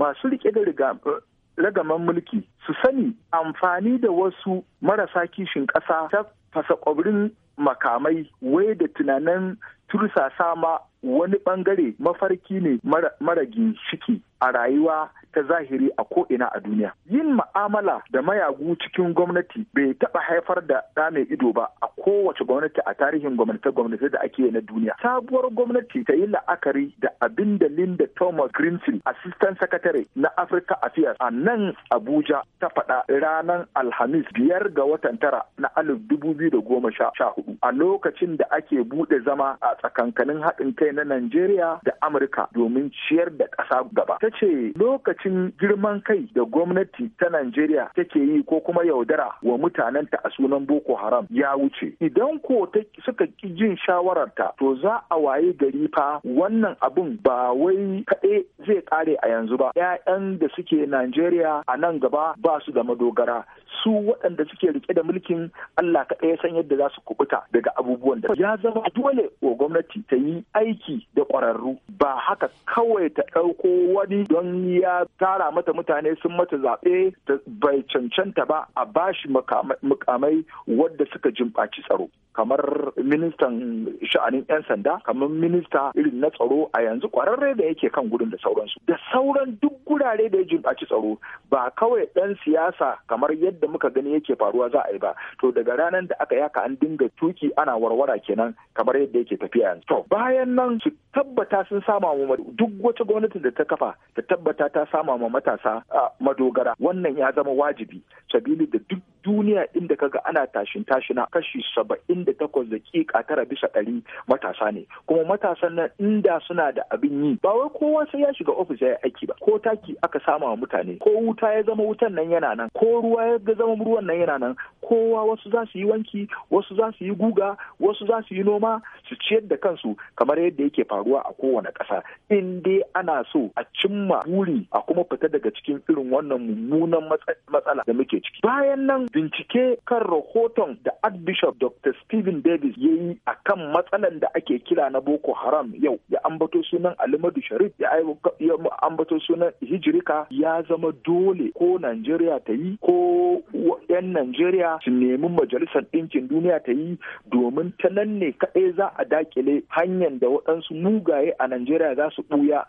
masu rike da ragaman mulki su sani amfani da wasu marasa kishin ƙasa ta fasa makamai wai da tunanin tursasa ma wani bangare mafarki ne mara ginshiki a rayuwa ta zahiri a ko'ina a duniya. Yin ma'amala da mayagu cikin gwamnati bai taɓa haifar da ɗa mai ido ba a kowace gwamnati a tarihin gwamnati-gwamnati da ake na duniya. Sabuwar gwamnati ta yi la'akari da abin da Linda Thomas Greenfield, Assistant Secretary na Africa Affairs a nan Abuja ta faɗa ranar Alhamis biyar ga watan tara na alif dubu biyu da goma sha hudu a lokacin da ake buɗe zama a tsakankanin haɗin kai na Najeriya da Amurka domin ciyar da ƙasa gaba. Ta ce lokacin girman kai da gwamnati ta Najeriya take yi ko kuma yaudara wa mutanenta a sunan Boko Haram ya wuce. Idan ko ta suka ƙi jin shawararta to za a waye gari fa wannan abun ba wai kaɗai zai ƙare a yanzu ba. 'Ya'yan da suke Najeriya a nan gaba ba su da madogara. Su waɗanda suke rike da mulkin Allah kaɗai ya san yadda za su kubuta daga abubuwan da ya zama dole wa gwamnati ta yi aiki aiki da ƙwararru ba haka kawai ta ɗauko wani don ya tara mata mutane sun mata zaɓe bai cancanta ba a bashi mukamai wadda suka jimɓaci tsaro kamar ministan sha'anin 'yan sanda kamar minista irin na tsaro a yanzu ƙwararre da yake kan gudun da sauransu da sauran duk gurare da ya jimɓaci tsaro ba kawai ɗan siyasa kamar yadda muka gani yake faruwa za a yi ba to daga ranar da aka yaka an dinga tuki ana warwara kenan kamar yadda yake tafiya yanzu to bayan nan down tabbata sun sama mu duk wata gwamnati da ta kafa ta tabbata ta sama ma matasa a madogara wannan ya zama wajibi sabili da duk duniya inda kaga ana tashin tashina kashi saba'in da takwas da kika tara bisa ɗari matasa ne kuma matasan nan inda suna da abin yi ba wai kowa sai ya shiga ofis ya aiki ba ko taki aka sama wa mutane ko wuta ya zama wutan nan yana nan ko ruwa ya zama ruwan nan yana nan kowa wasu za su yi wanki wasu za su yi guga wasu za su yi noma su ciyar da kansu kamar yadda yake faru faruwa a kowane ƙasa in dai ana so a cimma buri a kuma fita daga cikin irin wannan mummunan matsala da muke ciki bayan nan bincike kan rahoton da archbishop dr stephen davis ya yi a kan matsalan da ake kira na boko haram yau ya ambato sunan alimadu sharif ya ambato sunan hijirika ya zama dole ko najeriya ta yi ko 'yan najeriya su nemi majalisar ɗinkin duniya ta yi domin ta nan ne kaɗai za a dakile hanyar da waɗansu mugaye a Najeriya za su ɓuya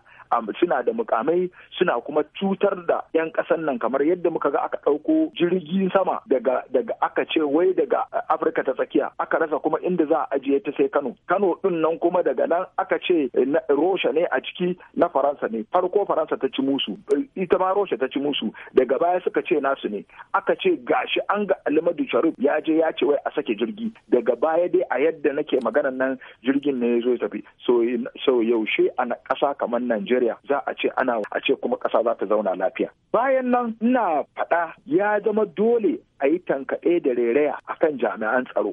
suna da mukamai suna kuma cutar da 'yan ƙasar nan kamar yadda muka ga aka ɗauko jirgin sama daga daga aka ce wai daga afirka ta tsakiya aka rasa kuma inda za a ajiye ta sai kano kano ɗin nan kuma daga nan aka ce eh, rosha ne a ciki na faransa ne farko faransa ta ci musu eh, ita ma rosha ta ci musu daga baya suka ce nasu ne aka ce gashi an ga alimadu sharif ya je ya ce wai a sake jirgi daga baya dai a yadda nake maganan nan jirgin ne ya zo ya tafi so so yaushe a ƙasa kamar Najeriya za a ce ana a ce kuma ƙasa za ta zauna lafiya. Bayan nan ina faɗa ya zama dole a yi tankaɗe da reraya a kan jami'an tsaro